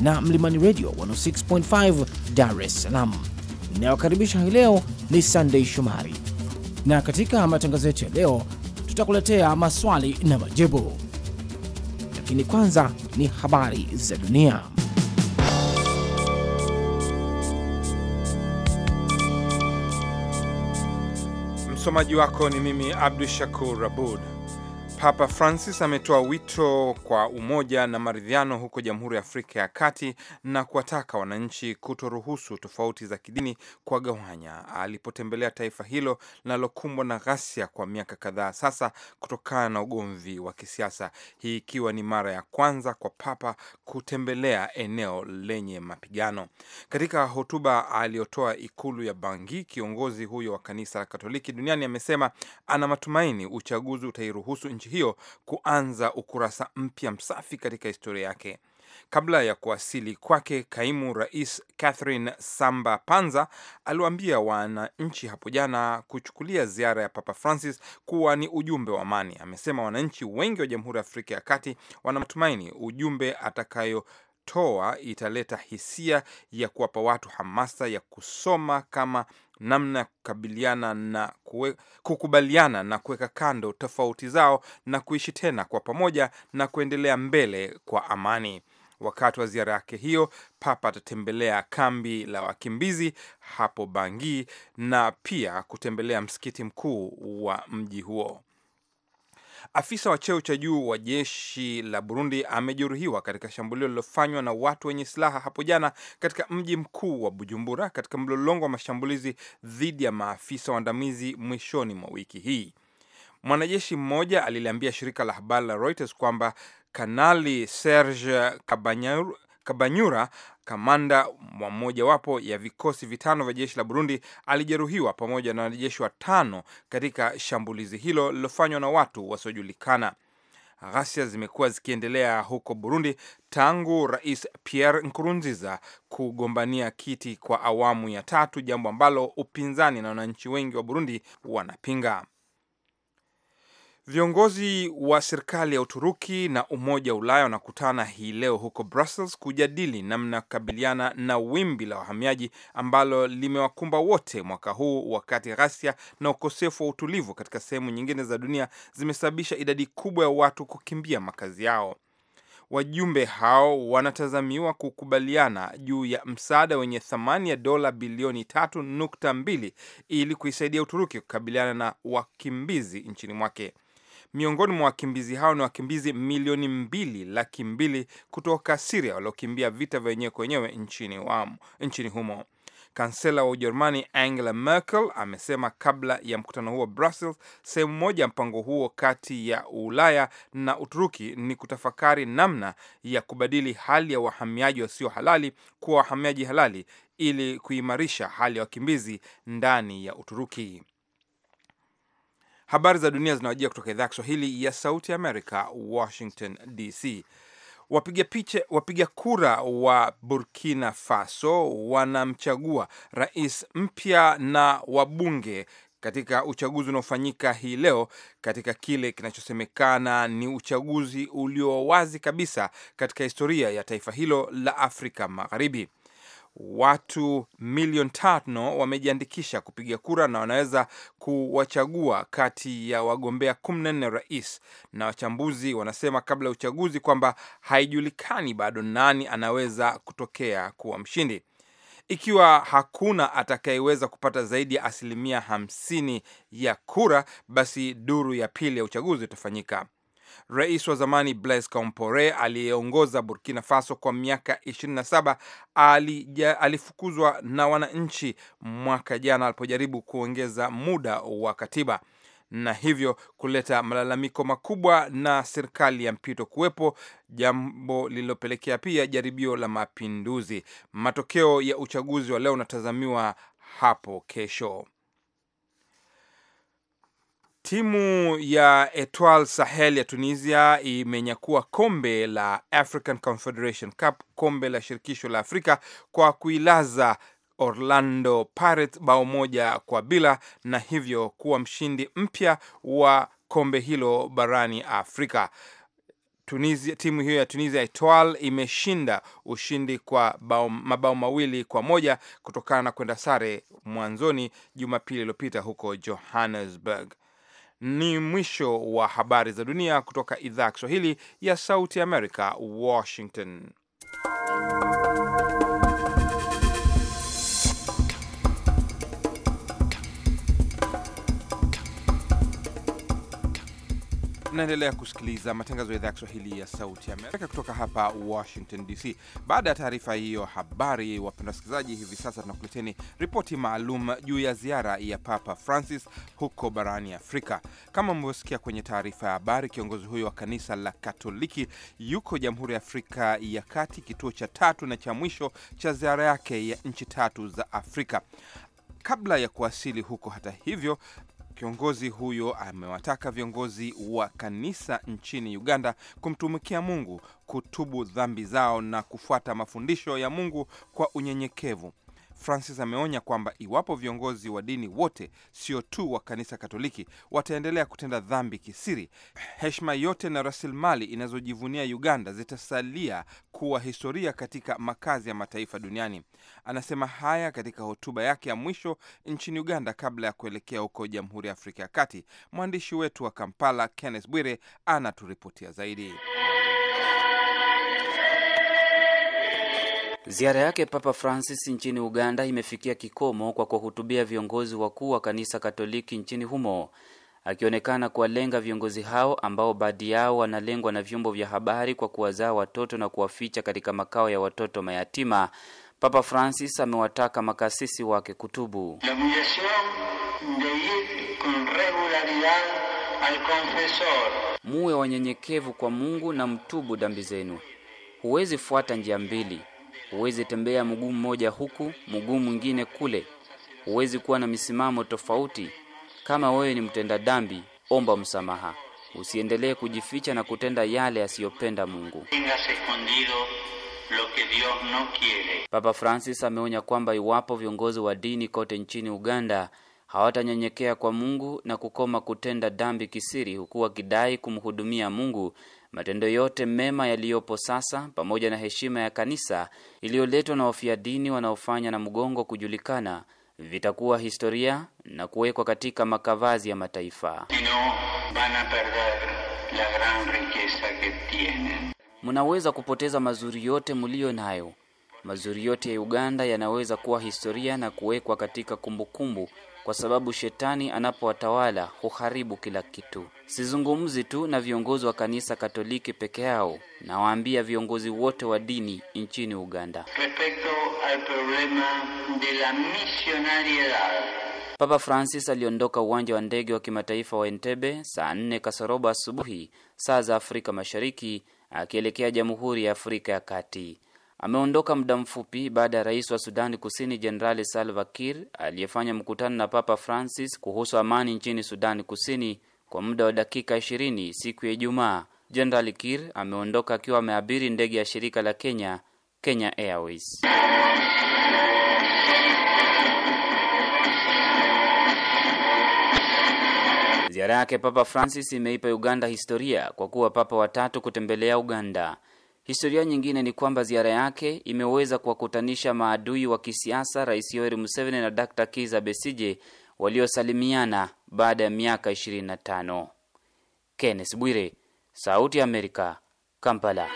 na Mlimani Radio 106.5 Dar es Salaam. Inayokaribisha hii leo ni Sunday Shomari, na katika matangazo yetu ya leo tutakuletea maswali na majibu, lakini kwanza ni habari za dunia. Msomaji wako ni mimi Abdu Shakur Abud. Papa Francis ametoa wito kwa umoja na maridhiano huko Jamhuri ya Afrika ya Kati na kuwataka wananchi kutoruhusu tofauti za kidini kuwagawanya alipotembelea taifa hilo linalokumbwa na ghasia kwa miaka kadhaa sasa kutokana na ugomvi wa kisiasa, hii ikiwa ni mara ya kwanza kwa Papa kutembelea eneo lenye mapigano. Katika hotuba aliyotoa ikulu ya Bangi, kiongozi huyo wa kanisa la Katoliki duniani amesema ana matumaini uchaguzi utairuhusu nchi hiyo kuanza ukurasa mpya msafi katika historia yake. Kabla ya kuwasili kwake, kaimu rais Catherine Samba Panza aliwaambia wananchi hapo jana kuchukulia ziara ya Papa Francis kuwa ni ujumbe wa amani. Amesema wananchi wengi wa Jamhuri ya Afrika ya Kati wanamtumaini ujumbe atakayo kutoa italeta hisia ya kuwapa watu hamasa ya kusoma kama namna ya kukabiliana na kue, kukubaliana na kuweka kando tofauti zao na kuishi tena kwa pamoja na kuendelea mbele kwa amani. Wakati wa ziara yake hiyo, Papa atatembelea kambi la wakimbizi hapo Bangi na pia kutembelea msikiti mkuu wa mji huo. Afisa wa cheo cha juu wa jeshi la Burundi amejeruhiwa katika shambulio lililofanywa na watu wenye silaha hapo jana katika mji mkuu wa Bujumbura, katika mlolongo wa mashambulizi dhidi ya maafisa waandamizi mwishoni mwa wiki hii. Mwanajeshi mmoja aliliambia shirika la habari la Reuters kwamba Kanali Serge Kabanyura Kamanda wa mmojawapo ya vikosi vitano vya jeshi la Burundi alijeruhiwa pamoja na wanajeshi watano katika shambulizi hilo lililofanywa na watu wasiojulikana. Ghasia zimekuwa zikiendelea huko Burundi tangu Rais Pierre Nkurunziza kugombania kiti kwa awamu ya tatu, jambo ambalo upinzani na wananchi wengi wa Burundi wanapinga. Viongozi wa serikali ya Uturuki na Umoja wa Ulaya wanakutana hii leo huko Brussels kujadili namna ya kukabiliana na wimbi la wahamiaji ambalo limewakumba wote mwaka huu, wakati ghasia na ukosefu wa utulivu katika sehemu nyingine za dunia zimesababisha idadi kubwa ya watu kukimbia makazi yao. Wajumbe hao wanatazamiwa kukubaliana juu ya msaada wenye thamani ya dola bilioni tatu nukta mbili ili kuisaidia Uturuki kukabiliana na wakimbizi nchini mwake. Miongoni mwa wakimbizi hao ni wakimbizi milioni mbili laki mbili kutoka Siria waliokimbia vita vya wenyewe kwa wenyewe nchini, nchini humo. Kansela wa Ujerumani Angela Merkel amesema kabla ya mkutano huo Brussels, sehemu moja ya mpango huo kati ya Ulaya na Uturuki ni kutafakari namna ya kubadili hali ya wahamiaji wasio halali kuwa wahamiaji halali ili kuimarisha hali ya wakimbizi ndani ya Uturuki. Habari za dunia zinawajia kutoka idhaa ya Kiswahili ya Sauti Amerika, Washington DC. Wapiga picha wapiga kura wa Burkina Faso wanamchagua rais mpya na wabunge katika uchaguzi unaofanyika hii leo katika kile kinachosemekana ni uchaguzi ulio wazi kabisa katika historia ya taifa hilo la Afrika Magharibi watu milioni tano wamejiandikisha kupiga kura na wanaweza kuwachagua kati ya wagombea kumi na nne rais, na wachambuzi wanasema kabla ya uchaguzi kwamba haijulikani bado nani anaweza kutokea kuwa mshindi. Ikiwa hakuna atakayeweza kupata zaidi ya asilimia hamsini ya kura, basi duru ya pili ya uchaguzi itafanyika. Rais wa zamani Blaise Compaore aliyeongoza Burkina Faso kwa miaka 27 alifukuzwa na wananchi mwaka jana alipojaribu kuongeza muda wa katiba na hivyo kuleta malalamiko makubwa na serikali ya mpito kuwepo, jambo lililopelekea pia jaribio la mapinduzi. Matokeo ya uchaguzi wa leo unatazamiwa hapo kesho. Timu ya Etoile Sahel ya Tunisia imenyakua kombe la African Confederation Cup, kombe la shirikisho la Afrika kwa kuilaza Orlando Pirates bao moja kwa bila, na hivyo kuwa mshindi mpya wa kombe hilo barani Afrika. Tunisia, timu hiyo ya Tunisia Etoile imeshinda ushindi kwa bao, mabao mawili kwa moja kutokana na kwenda sare mwanzoni Jumapili iliyopita huko Johannesburg. Ni mwisho wa habari za dunia kutoka idhaa ya Kiswahili ya Sauti Amerika, Washington. Mnaendelea kusikiliza matangazo ya idhaa ya Kiswahili ya Sauti ya Amerika kutoka hapa Washington DC. Baada ya taarifa hiyo habari, wapenda wasikilizaji, hivi sasa tunakuleteni ripoti maalum juu ya ziara ya Papa Francis huko barani Afrika. Kama mlivyosikia kwenye taarifa ya habari, kiongozi huyo wa kanisa la Katoliki yuko Jamhuri ya Afrika ya Kati, kituo cha tatu na cha mwisho cha ziara yake ya nchi tatu za Afrika kabla ya kuwasili huko. Hata hivyo, Kiongozi huyo amewataka viongozi wa kanisa nchini Uganda kumtumikia Mungu, kutubu dhambi zao na kufuata mafundisho ya Mungu kwa unyenyekevu. Francis ameonya kwamba iwapo viongozi wa dini wote, sio tu wa kanisa Katoliki, wataendelea kutenda dhambi kisiri, heshima yote na rasilimali inazojivunia Uganda zitasalia kuwa historia katika makazi ya mataifa duniani. Anasema haya katika hotuba yake ya mwisho nchini Uganda kabla ya kuelekea huko Jamhuri ya Afrika ya Kati. Mwandishi wetu wa Kampala, Kenneth Bwire, anaturipotia zaidi. Ziara yake Papa Francis nchini Uganda imefikia kikomo kwa kuwahutubia viongozi wakuu wa kanisa Katoliki nchini humo, akionekana kuwalenga viongozi hao ambao baadhi yao wanalengwa na vyombo vya habari kwa kuwazaa watoto na kuwaficha katika makao ya watoto mayatima. Papa Francis amewataka makasisi wake kutubu. Muwe wanyenyekevu kwa Mungu na mtubu dhambi zenu. Huwezi fuata njia mbili huwezi tembea mguu mmoja huku mguu mwingine kule, huwezi kuwa na misimamo tofauti. Kama wewe ni mtenda dhambi, omba msamaha, usiendelee kujificha na kutenda yale asiyopenda Mungu. Papa Francis ameonya kwamba iwapo viongozi wa dini kote nchini Uganda hawatanyenyekea kwa Mungu na kukoma kutenda dhambi kisiri, huku wakidai kumhudumia Mungu, matendo yote mema yaliyopo sasa pamoja na heshima ya kanisa iliyoletwa na wafia dini wanaofanya na mgongo kujulikana vitakuwa historia na kuwekwa katika makavazi ya mataifa. Mnaweza kupoteza mazuri yote muliyo nayo. Mazuri yote ya Uganda yanaweza kuwa historia na kuwekwa katika kumbukumbu kwa sababu shetani anapowatawala huharibu kila kitu. Sizungumzi tu na viongozi wa kanisa Katoliki peke yao, nawaambia viongozi wote wa dini nchini Uganda. Papa Francis aliondoka uwanja wa ndege wa kimataifa wa Entebbe saa nne kasoroba asubuhi saa za Afrika Mashariki, akielekea Jamhuri ya Afrika ya Kati ameondoka muda mfupi baada ya rais wa Sudani Kusini Jenerali Salva Kir aliyefanya mkutano na Papa Francis kuhusu amani nchini Sudani Kusini kwa muda wa dakika 20 siku ya Ijumaa. Jenerali kir ameondoka akiwa ameabiri ndege ya shirika la Kenya Kenya Airways. Ziara yake Papa Francis imeipa Uganda historia kwa kuwa papa watatu kutembelea Uganda. Historia nyingine ni kwamba ziara yake imeweza kuwakutanisha maadui wa kisiasa Rais Yoweri Museveni na Dr. Kiza Besije waliosalimiana baada ya miaka 25. Kenneth Bwire, Sauti ya Amerika, Kampala.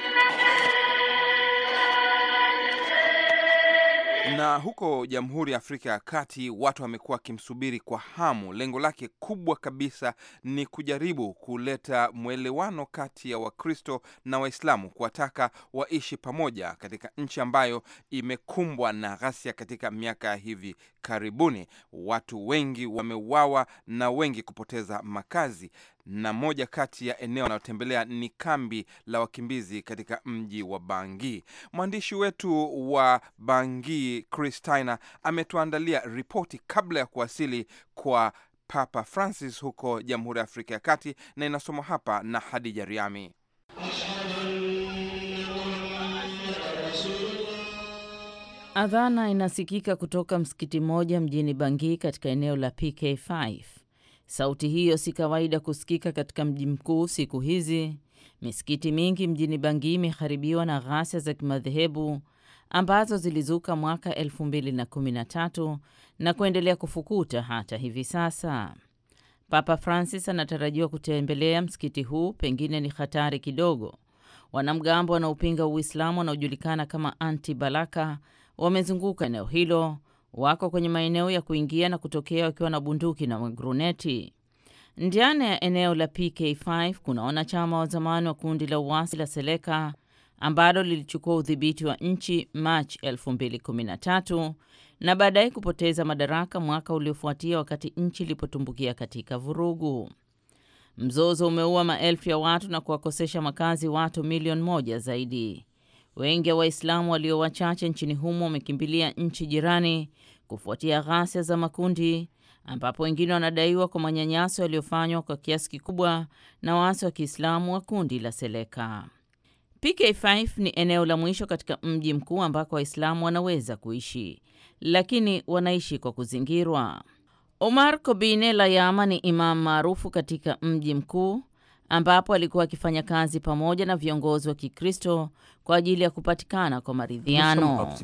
Na huko Jamhuri ya Afrika ya Kati watu wamekuwa wakimsubiri kwa hamu. Lengo lake kubwa kabisa ni kujaribu kuleta mwelewano kati ya Wakristo na Waislamu, kuwataka waishi pamoja katika nchi ambayo imekumbwa na ghasia katika miaka ya hivi karibuni. Watu wengi wameuawa na wengi kupoteza makazi, na moja kati ya eneo anayotembelea ni kambi la wakimbizi katika mji wa Bangi. Mwandishi wetu wa Bangi, Christina, ametuandalia ripoti kabla ya kuwasili kwa Papa Francis huko Jamhuri ya Afrika ya Kati, na inasomwa hapa na Hadija Riami. Adhana inasikika kutoka msikiti mmoja mjini Bangi katika eneo la PK5. Sauti hiyo si kawaida kusikika katika mji mkuu siku hizi. Misikiti mingi mjini Bangui imeharibiwa na ghasia za kimadhehebu ambazo zilizuka mwaka 2013 na kuendelea kufukuta hata hivi sasa. Papa Francis anatarajiwa kutembelea msikiti huu, pengine ni hatari kidogo. Wanamgambo wanaopinga Uislamu wanaojulikana kama Anti Balaka wamezunguka eneo hilo wako kwenye maeneo ya kuingia na kutokea wakiwa na bunduki na maguruneti. Ndani ya eneo la PK5 kuna wanachama wa zamani wa kundi la uasi la Seleka ambalo lilichukua udhibiti wa nchi Machi 2013 na baadaye kupoteza madaraka mwaka uliofuatia wakati nchi ilipotumbukia katika vurugu. Mzozo umeua maelfu ya watu na kuwakosesha makazi watu milioni moja zaidi. Wengi wa Waislamu walio wachache nchini humo wamekimbilia nchi jirani kufuatia ghasia za makundi, ambapo wengine wanadaiwa kwa manyanyaso yaliyofanywa kwa kiasi kikubwa na waasi wa Kiislamu wa kundi la Seleka. PK5 ni eneo la mwisho katika mji mkuu ambako Waislamu wanaweza kuishi, lakini wanaishi kwa kuzingirwa. Omar Kobine Layama ni imamu maarufu katika mji mkuu ambapo alikuwa akifanya kazi pamoja na viongozi wa Kikristo kwa ajili ya kupatikana kwa maridhiano.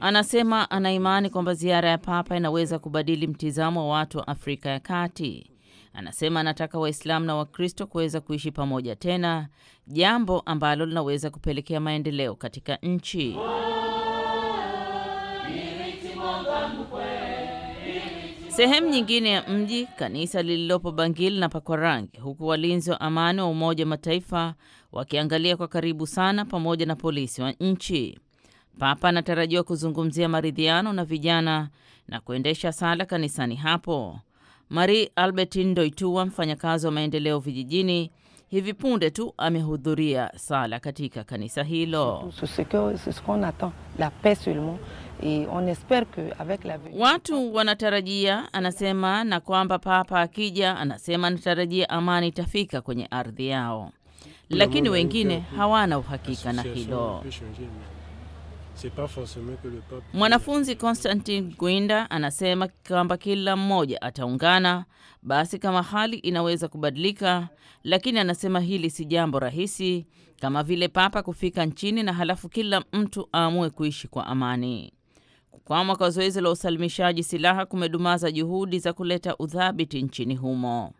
Anasema ana imani kwamba ziara ya Papa inaweza kubadili mtizamo wa watu wa Afrika ya Kati. Anasema anataka Waislamu na Wakristo kuweza kuishi pamoja tena, jambo ambalo linaweza kupelekea maendeleo katika nchi. Sehemu nyingine ya mji, kanisa lililopo Bangil na pakwa rangi, huku walinzi wa amani wa Umoja wa Mataifa wakiangalia kwa karibu sana, pamoja na polisi wa nchi. Papa anatarajiwa kuzungumzia maridhiano na vijana na kuendesha sala kanisani hapo. Marie Albertine Ndoitua, mfanyakazi wa maendeleo vijijini, hivi punde tu amehudhuria sala katika kanisa hilo on espere que avec la... Watu wanatarajia anasema, na kwamba papa akija, anasema anatarajia amani itafika kwenye ardhi yao, lakini wengine hawana uhakika na hilo. Mwanafunzi Constantin Gwinda anasema kwamba kila mmoja ataungana, basi kama hali inaweza kubadilika, lakini anasema hili si jambo rahisi, kama vile papa kufika nchini na halafu kila mtu aamue kuishi kwa amani. Kukwama kwa zoezi la usalimishaji silaha kumedumaza juhudi za kuleta udhabiti nchini humo.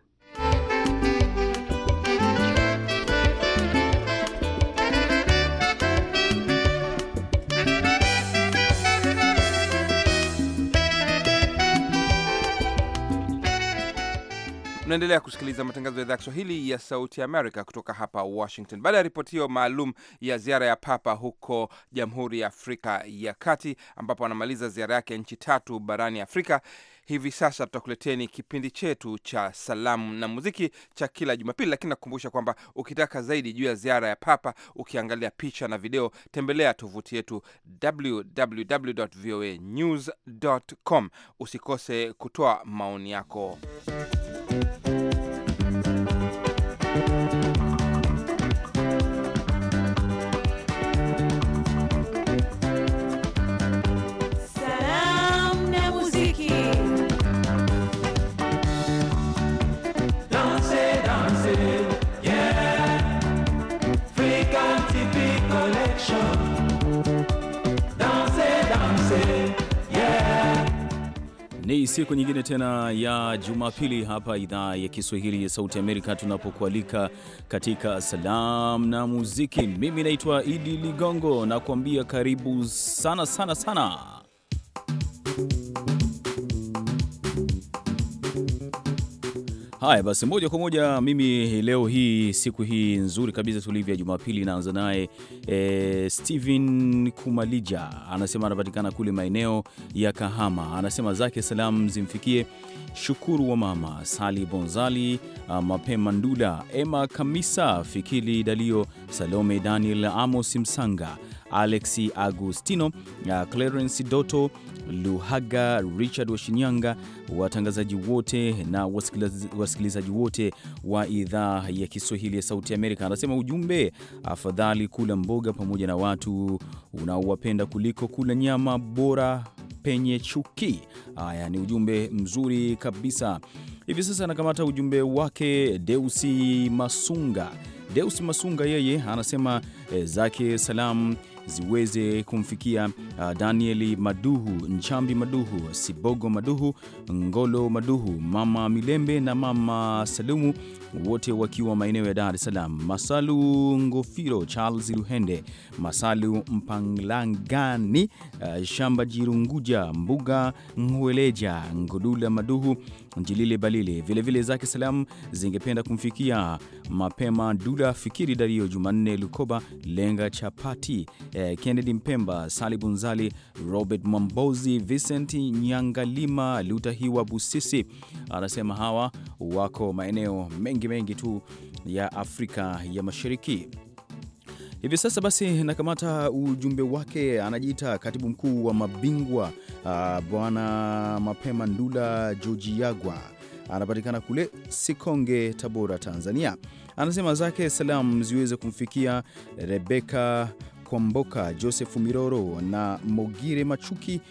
Unaendelea kusikiliza matangazo ya idhaa ya Kiswahili ya Sauti Amerika kutoka hapa Washington. Baada ya ripoti hiyo maalum ya ziara ya Papa huko Jamhuri ya Afrika ya Kati, ambapo anamaliza ziara yake ya nchi tatu barani Afrika, hivi sasa tutakuleteni kipindi chetu cha salamu na muziki cha kila Jumapili, lakini nakukumbusha kwamba ukitaka zaidi juu ya ziara ya Papa, ukiangalia picha na video, tembelea tovuti yetu www.voanews.com. Usikose kutoa maoni yako. Ni siku nyingine tena ya Jumapili hapa idhaa ya Kiswahili ya Sauti Amerika, tunapokualika katika salamu na muziki. Mimi naitwa Idi Ligongo, nakuambia karibu sana sana sana Haya basi, moja kwa moja mimi leo hii siku hii nzuri kabisa tulivyo ya Jumapili, naanza naye eh, Steven Kumalija, anasema anapatikana kule maeneo ya Kahama. Anasema zake salamu zimfikie Shukuru wa mama Sali Bonzali, ah, Mapema Ndula, Emma Kamisa, Fikili Dalio, Salome Daniel, Amos Msanga, Alexi Agustino, ah, Clarence Doto Luhaga, Richard Washinyanga, watangazaji wote na wasikilizaji wote wa idhaa ya Kiswahili ya Sauti Amerika. Anasema ujumbe, afadhali kula mboga pamoja na watu unaowapenda kuliko kula nyama bora penye chuki. Haya ni ujumbe mzuri kabisa. Hivi sasa anakamata ujumbe wake Deusi Masunga. Deusi Masunga yeye anasema eh, zake salamu ziweze kumfikia uh, Danieli Maduhu, Nchambi Maduhu, Sibogo Maduhu, Ngolo Maduhu, Mama Milembe na Mama Salumu, wote wakiwa maeneo ya Dar es Salaam. Masalu Ngofiro, Charles Luhende, Masalu Mpanglangani, uh, Shamba Jirunguja, Mbuga mhueleja Ngodula Maduhu Njilile Balile. Vilevile zake salamu zingependa kumfikia Mapema Duda, Fikiri Dario, Jumanne Lukoba, Lenga Chapati, eh, Kennedy Mpemba, Bunzali, Robert mambozi Vincent Nyangalima, Lutahiwa Busisi. Anasema hawa wako maeneo mengi mengi tu ya Afrika ya Mashariki. Hivi sasa basi nakamata ujumbe wake, anajiita katibu mkuu wa mabingwa ah, Bwana Mapema Ndula yagwa anapatikana kule Sikonge, Tabora, Tanzania. Anasema zake salamu ziweze kumfikia Rebeka Kwamboka, Josefu Miroro na Mogire Machuki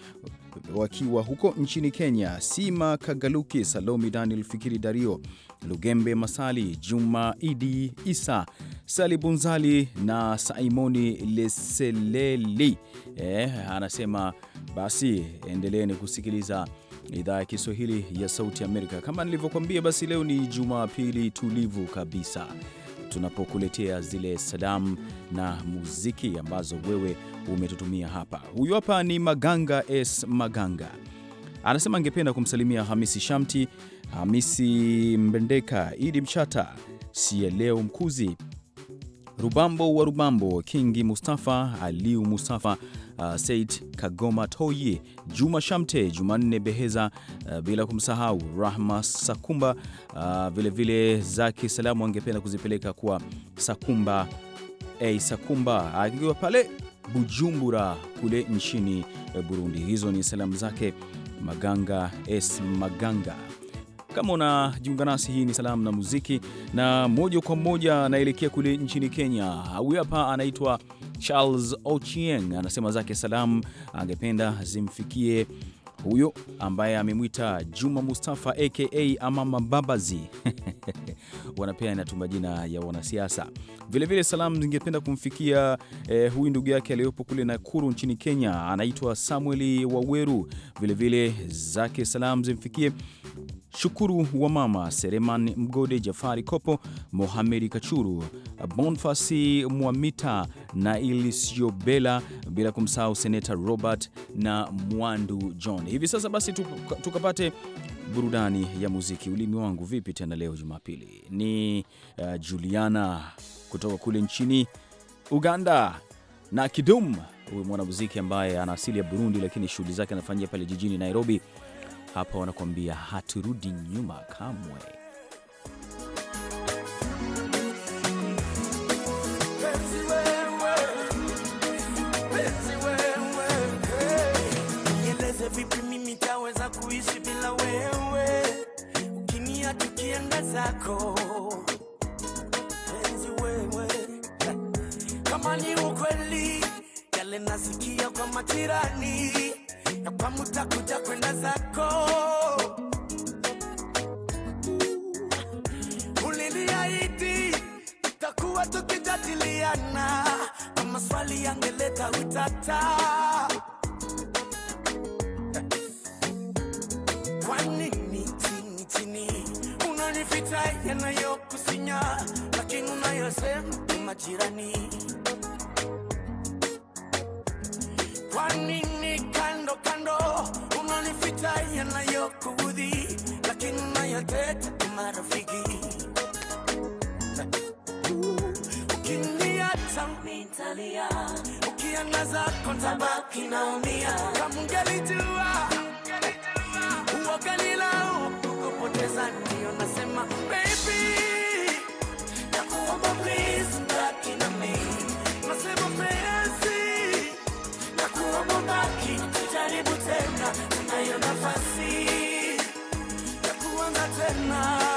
wakiwa huko nchini Kenya, Sima Kagaluki, Salomi Daniel, Fikiri Dario, Lugembe Masali, Juma Idi Isa, Sali Bunzali na Saimoni Leseleli. Eh, anasema basi endeleeni kusikiliza idhaa ya Kiswahili ya Sauti Amerika. Kama nilivyokuambia, basi leo ni Jumapili tulivu kabisa tunapokuletea zile salamu na muziki ambazo wewe umetutumia hapa. Huyu hapa ni Maganga S Maganga, anasema angependa kumsalimia Hamisi Shamti, Hamisi Mbendeka, Idi Mchata, Sieleo Mkuzi, Rubambo wa Rubambo, Kingi Mustafa, Aliu Mustafa uh, Said Kagoma Toye, Juma Shamte, Jumanne Beheza, uh, bila kumsahau Rahma Sakumba vilevile, uh, vile zake salamu angependa kuzipeleka kwa Sakumba hey, Sakumba akiwa pale Bujumbura kule nchini uh, Burundi. Hizo ni salamu zake Maganga S Maganga. Kama unajiunga nasi, hii ni salamu na muziki, na moja kwa moja anaelekea kule nchini Kenya. Huyu hapa anaitwa Charles Ochieng anasema zake salamu angependa zimfikie huyo ambaye amemwita Juma Mustafa aka Amama Babazi wanapea inatu jina ya wanasiasa. Vilevile salamu zingependa kumfikia eh, huyu ndugu yake aliyopo kule Nakuru nchini Kenya, anaitwa Samueli Waweru. Vilevile zake salamu zimfikie Shukuru wa Mama, Sereman Mgode, Jafari Kopo, Mohamedi Kachuru, Bonfasi Mwamita na Ilisiobela, bila kumsahau Seneta Robert na Mwandu John. Hivi sasa basi tukapate burudani ya muziki. Ulimi wangu vipi tena leo Jumapili ni uh, Juliana kutoka kule nchini Uganda na Kidum, huyu mwanamuziki ambaye ana asili ya Burundi, lakini shughuli zake anafanyia pale jijini Nairobi. Hapa wanakuambia haturudi nyuma kamwe. Nieleze vipi mimi taweza kuishi bila wewe, ukimia tukienda zako penzi wewe, kama ni ukweli yale nasikia kwa majirani utakuja kwenda zako. Uliniahidi tutakuwa tukijadiliana, na maswali yangeleta utata. Kwa nini chini chini unanificha yanayokusinya, lakini unayosema majirani? Kwa nini mbele zako ntabaki naumia. Kama ungelijua uoganilao kukupoteza, ndio nasema baby, please na mimi, nasema baki, tujaribu tena, tunayo nafasi ya kuanza tena.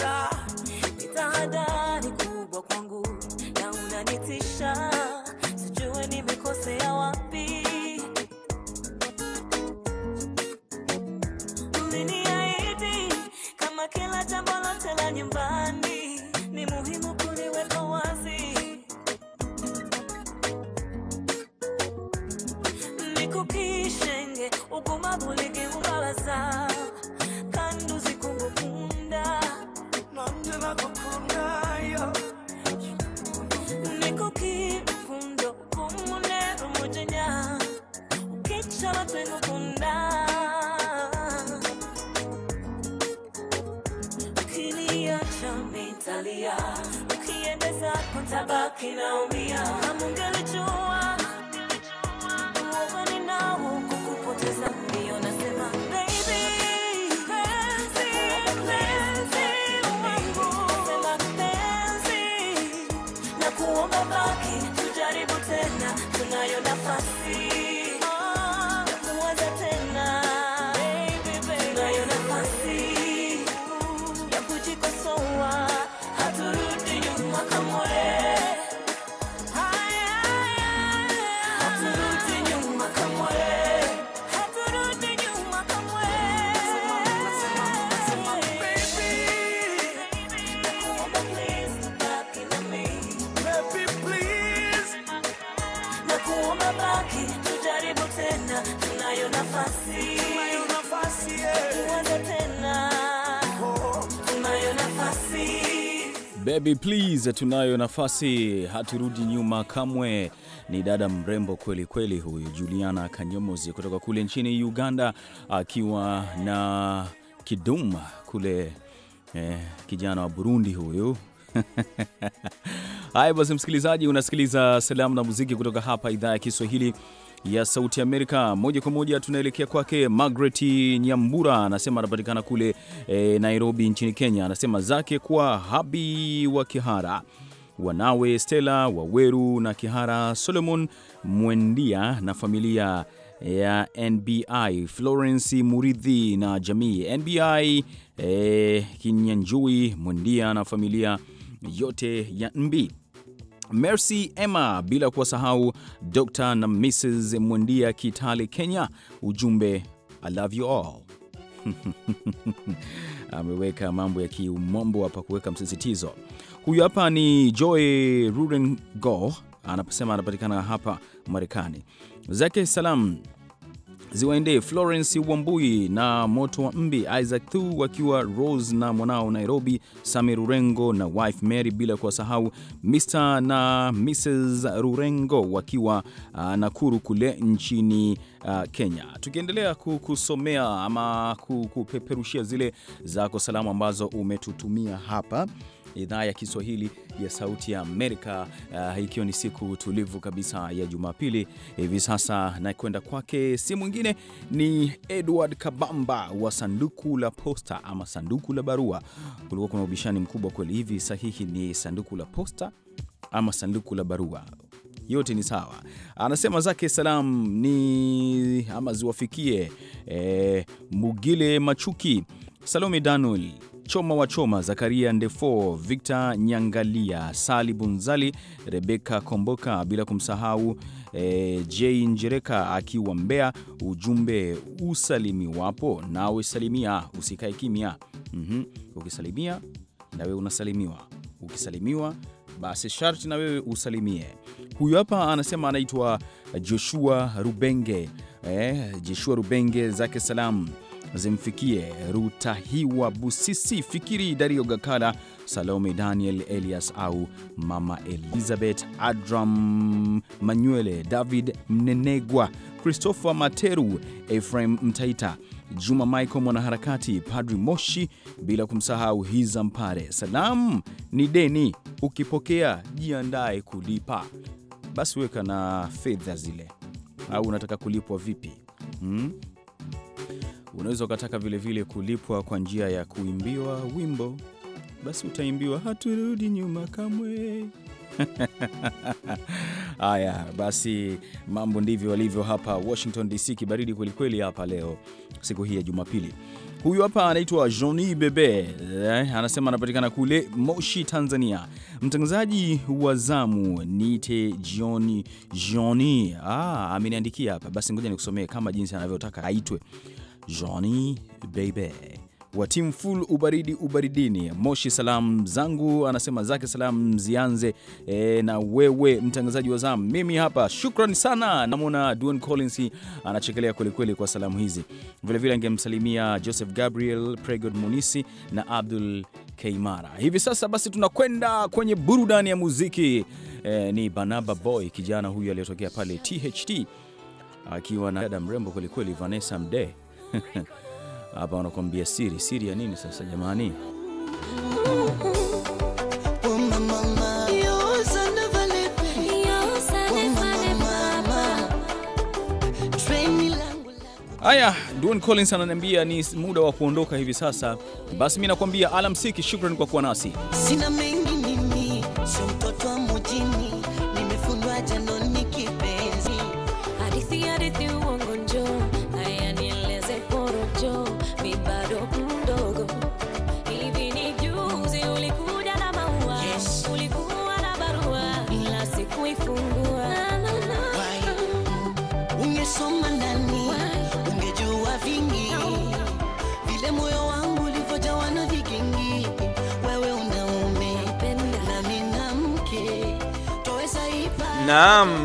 Yeah. seni bundan Ukiniacha mitalia, ukiendeza hapo tabaki naumia, kama ungelijua tutabaki, tujaribu tena, tunayo nafasi, tunayo nafasi tuanze tena, Baby please, tunayo nafasi, haturudi nyuma kamwe. Ni dada mrembo kweli kweli huyu Juliana Kanyomozi kutoka kule nchini Uganda, akiwa na Kidum kule eh, kijana wa Burundi huyu Haya basi, msikilizaji, unasikiliza salamu na muziki kutoka hapa idhaa ya Kiswahili ya Sauti Amerika. Moja kwa moja tunaelekea kwake magret Nyambura, anasema anapatikana kule e, Nairobi nchini Kenya. Anasema zake kwa Habi wa Kihara, wanawe stela Waweru na Kihara Solomon Mwendia na familia ya NBI Florence Muridhi na jamii NBI e, eh, Kinyanjui Mwendia na familia yote ya Mbi, Mercy Emma, bila kuwasahau Dr na Mrs Mwendia, kitali Kenya. Ujumbe I love you all. Ameweka mambo ya kiumombo hapa kuweka msisitizo. Huyu hapa ni Joy rurengo Go, anasema anapatikana hapa Marekani, zake salam ziwaende Florence Wambui na moto wa mbi Isaac Thu wakiwa Rose na mwanao Nairobi, Sami Rurengo na wife Mary, bila kuwasahau Mr na Mrs Rurengo wakiwa uh, Nakuru kule nchini uh, Kenya. Tukiendelea kukusomea ama kukupeperushia zile zako salamu ambazo umetutumia hapa idhaa ya Kiswahili ya Sauti ya Amerika, uh, ikiwa ni siku tulivu kabisa ya Jumapili hivi sasa, na kwenda kwake si mwingine ni Edward Kabamba wa sanduku la posta ama sanduku la barua. Kulikuwa kuna ubishani mkubwa kweli, hivi sahihi ni sanduku la posta ama sanduku la barua? Yote ni sawa. Anasema zake salam ni ama ziwafikie e, Mugile Machuki, Salome Danuel Choma wa Choma, Zakaria Ndefo, Victor Nyangalia, Sali Bunzali, Rebeka Komboka, bila kumsahau e, eh, J Njereka akiwa mbea Ujumbe usalimi wapo nawe salimia, usikae kimya. mm -hmm. Ukisalimia nawe unasalimiwa, ukisalimiwa basi sharti na wewe usalimie. Huyu hapa anasema anaitwa Joshua Rubenge. Eh, Joshua Rubenge zake salamu zimfikie Rutahiwa Busisi, Fikiri Dario Gakala, Salome Daniel Elias au Mama Elizabeth Adram Manyuele, David Mnenegwa, Christopher Materu, Efraim Mtaita, Juma Michael mwanaharakati, Padri Moshi, bila kumsahau Hiza Mpare. Salamu ni deni, ukipokea jiandaye kulipa. Basi weka na fedha zile, au unataka kulipwa vipi? hmm? Unaweza ukataka vilevile kulipwa kwa njia ya kuimbiwa wimbo, basi utaimbiwa haturudi nyuma kamwe. Haya basi, mambo ndivyo alivyo hapa Washington DC. Kibaridi kwelikweli hapa leo, siku hii ya Jumapili. Huyu hapa anaitwa Joni Bebe, eh, anasema anapatikana kule Moshi, Tanzania. Mtangazaji wa zamu nite Joni Joni. Ah, ameniandikia hapa, basi ngoja nikusomee kama jinsi anavyotaka aitwe. Johnny Bebe wa timu Full Ubaridi Ubaridini, Moshi. Salamu zangu anasema zake salamu zianze e, na wewe mtangazaji wa zamu. Mimi hapa shukrani sana. Namwona Duan Collins anachekelea kwelikweli kwa salamu hizi. Vilevile angemsalimia Joseph Gabriel, Pregod Munisi na Abdul Keimara. Hivi sasa basi tunakwenda kwenye burudani ya muziki e, ni Banaba Boy, kijana huyu aliyotokea pale THT akiwa na dada mrembo kwelikweli Vanessa Mdee. hapa wanakuambia siri. Siri ya nini sasa jamani? Haya, Duan Collins ananiambia ni muda wa kuondoka hivi sasa. Basi mi nakwambia alamsiki, shukrani kwa kuwa nasi.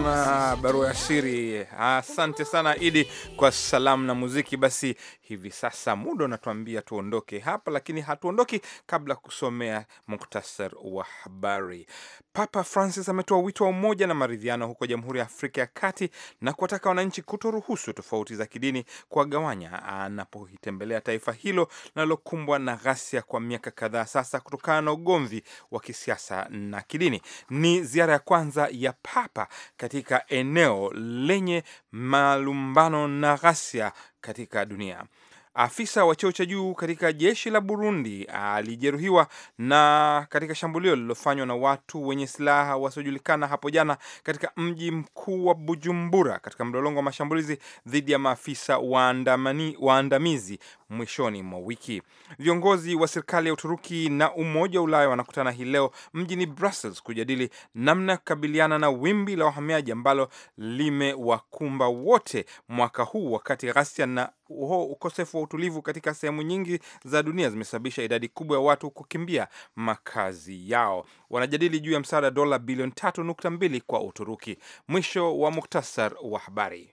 mas... barua ya siri. Asante sana Idi kwa salamu na muziki. Basi hivi sasa muda unatuambia tuondoke hapa, lakini hatuondoki kabla kusomea muktasar wa habari. Papa Francis ametoa wito wa umoja na maridhiano huko Jamhuri ya Afrika ya Kati na kuwataka wananchi kutoruhusu tofauti za kidini kuwagawanya anapoitembelea taifa hilo linalokumbwa na ghasia kwa miaka kadhaa sasa kutokana na ugomvi wa kisiasa na kidini. Ni ziara ya kwanza ya Papa katika eneo eneo lenye malumbano na ghasia katika dunia. Afisa wa cheo cha juu katika jeshi la Burundi alijeruhiwa na katika shambulio lililofanywa na watu wenye silaha wasiojulikana hapo jana katika mji mkuu wa Bujumbura, katika mlolongo wa mashambulizi dhidi ya maafisa waandamizi mwishoni mwa wiki. Viongozi wa serikali ya Uturuki na Umoja wa Ulaya wanakutana hii leo mjini Brussels kujadili namna ya kukabiliana na wimbi la wahamiaji ambalo limewakumba wote mwaka huu, wakati ghasia na uho ukosefu wa utulivu katika sehemu nyingi za dunia zimesababisha idadi kubwa ya watu kukimbia makazi yao. Wanajadili juu ya msaada dola bilioni 3.2 kwa Uturuki. Mwisho wa muktasar wa habari.